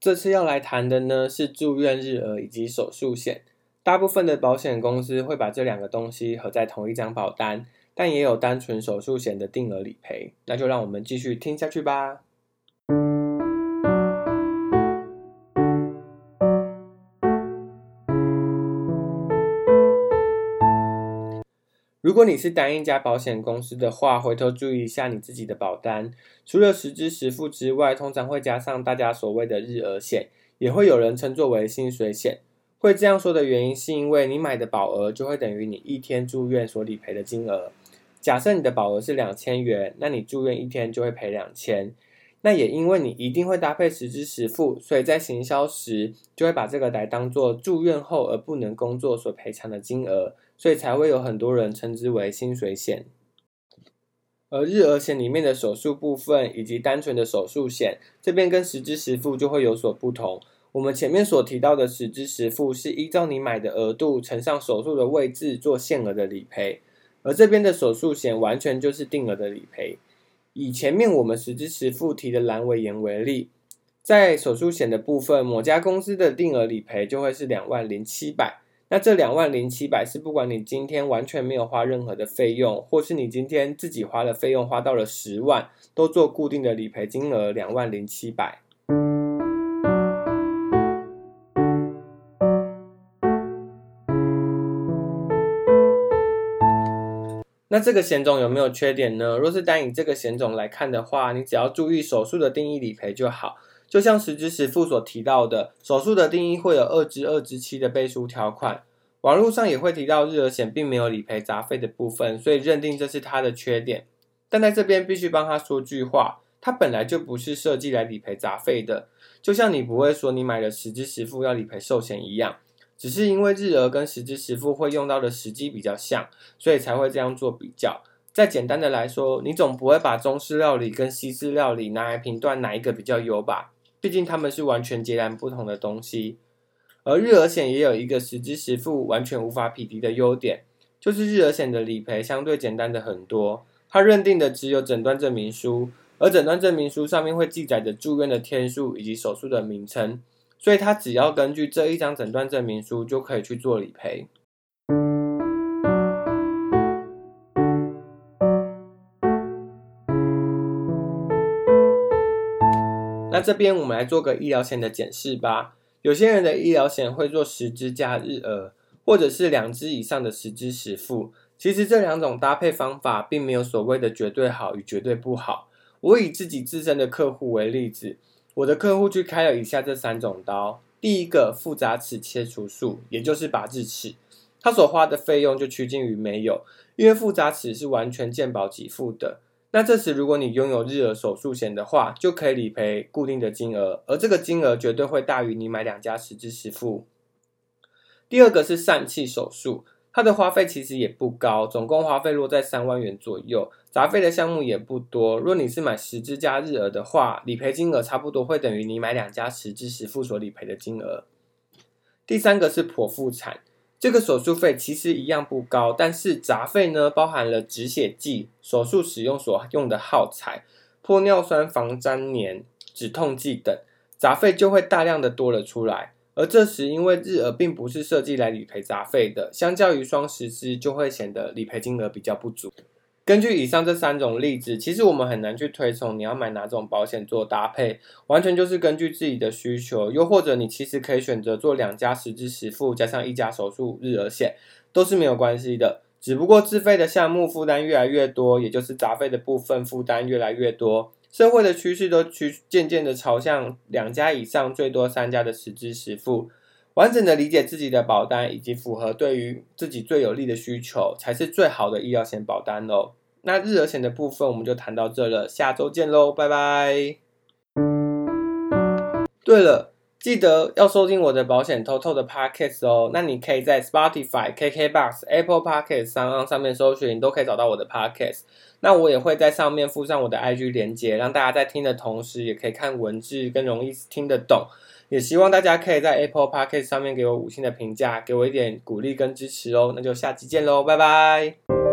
這次要來談的呢，是住院日額以及手術險，大部分的保險公司會把這兩個東西合在同一張保單，但也有單純手術險的定額理賠，那就讓我們繼續聽下去吧。如果你是單一家保險公司的話，回頭注意一下你自己的保單。除了實支實付之外，通常會加上大家所謂的日額險，也會有人稱作為薪水險。會這樣說的原因是因為你買的保額就會等於你一天住院所理賠的金額。假設你的保額是兩千元，那你住院一天就會賠兩千。那也因為你一定會搭配實支實付，所以在行銷時就會把這個來當作住院後而不能工作所賠償的金額。所以才會有很多人稱之為薪水險，而日額險裡面的手術部分以及單純的手術險，這邊跟實支實付就會有所不同。我們前面所提到的實支實付是依照你買的額度乘上手術的位置做限額的理賠，而這邊的手術險完全就是定額的理賠。以前面我們實支實付提的闌尾炎為例，在手術險的部分，某家公司的定額理賠就會是兩萬零七百。那這兩萬零七百是不管你今天完全沒有花任何的費用，或是你今天自己花的費用花到了十萬，都做固定的理賠金額兩萬零七百。那這個險種有沒有缺點呢？若是單以這個險種來看的話，你只要注意手術的定義理賠就好。就像實支實付所提到的，手術的定義會有二至二至七的背書條款。網絡上也會提到日額險並沒有理賠雜費的部分，所以認定這是它的缺點。但在這邊必須幫他說句話，它本來就不是設計來理賠雜費的。就像你不會說你買了實支實付要理賠壽險一樣，只是因為日額跟實支實付會用到的時機比較像，所以才會這樣做比較。再簡單的來說，你總不會把中式料理跟西式料理拿來評斷哪一個比較優吧？畢竟他們是完全截然不同的東西，而日額險也有一個實支實付完全無法匹敵的優點，就是日額險的理賠相對簡單的很多。它認定的只有診斷證明書，而診斷證明書上面會記載着住院的天數以及手術的名稱，所以它只要根據這一張診斷證明書就可以去做理賠。那這邊我們來做個醫療險的檢視吧。有些人的醫療險會做實支加日額，或者是兩支以上的實支實付。其實這兩種搭配方法並沒有所謂的絕對好與絕對不好。我以自己自身的客戶為例子，我的客戶去開了以下這三種刀：第一個複雜齒切除術，也就是拔智齒，他所花的費用就趨近於沒有，因為複雜齒是完全健保給付的。那這時，如果你擁有日額手術險的話，就可以理賠固定的金額，而這個金額絕對會大於你買兩家實支實付。第二個是疝氣手術，它的花費其實也不高，總共花費落在三萬元左右，雜費的項目也不多。若你是買實支加日額的話，理賠金額差不多會等於你買兩家實支實付所理賠的金額。第三個是剖腹產。這個手術費其實一樣不高，但是雜費呢，包含了止血劑、手術使用所用的耗材、玻尿酸防粘黏、止痛劑等，雜費就會大量的多了出來。而這時，因為日額並不是設計來理賠雜費的，相較於雙實支，就會顯得理賠金額比較不足。根據以上這三種例子，其實我們很難去推崇你要買哪種保險做搭配，完全就是根據自己的需求。又或者你其實可以選擇做兩家實支實付，加上一家手術日額險，都是沒有關係的。只不過自費的項目負擔越來越多，也就是雜費的部分負擔越來越多。社會的趨勢都趨漸漸的朝向兩家以上，最多三家的實支實付。完整的理解自己的保單，以及符合對於自己最有利的需求，才是最好的醫療險保單哦。那日額險的部分我們就談到這了，下周見嘍，拜拜。嗯。對了，記得要收聽我的保險偷偷的 Podcast 哦。那你可以在 Spotify、KKBox、Apple Podcast 上，上上面搜尋，都可以找到我的 Podcast。那我也會在上面附上我的 IG 連接，讓大家在聽的同時，也可以看文字，更容易聽得懂。也希望大家可以在 Apple Podcast 上面給我五星的評價，給我一點鼓勵跟支持哦。那就下期見嘍，拜拜。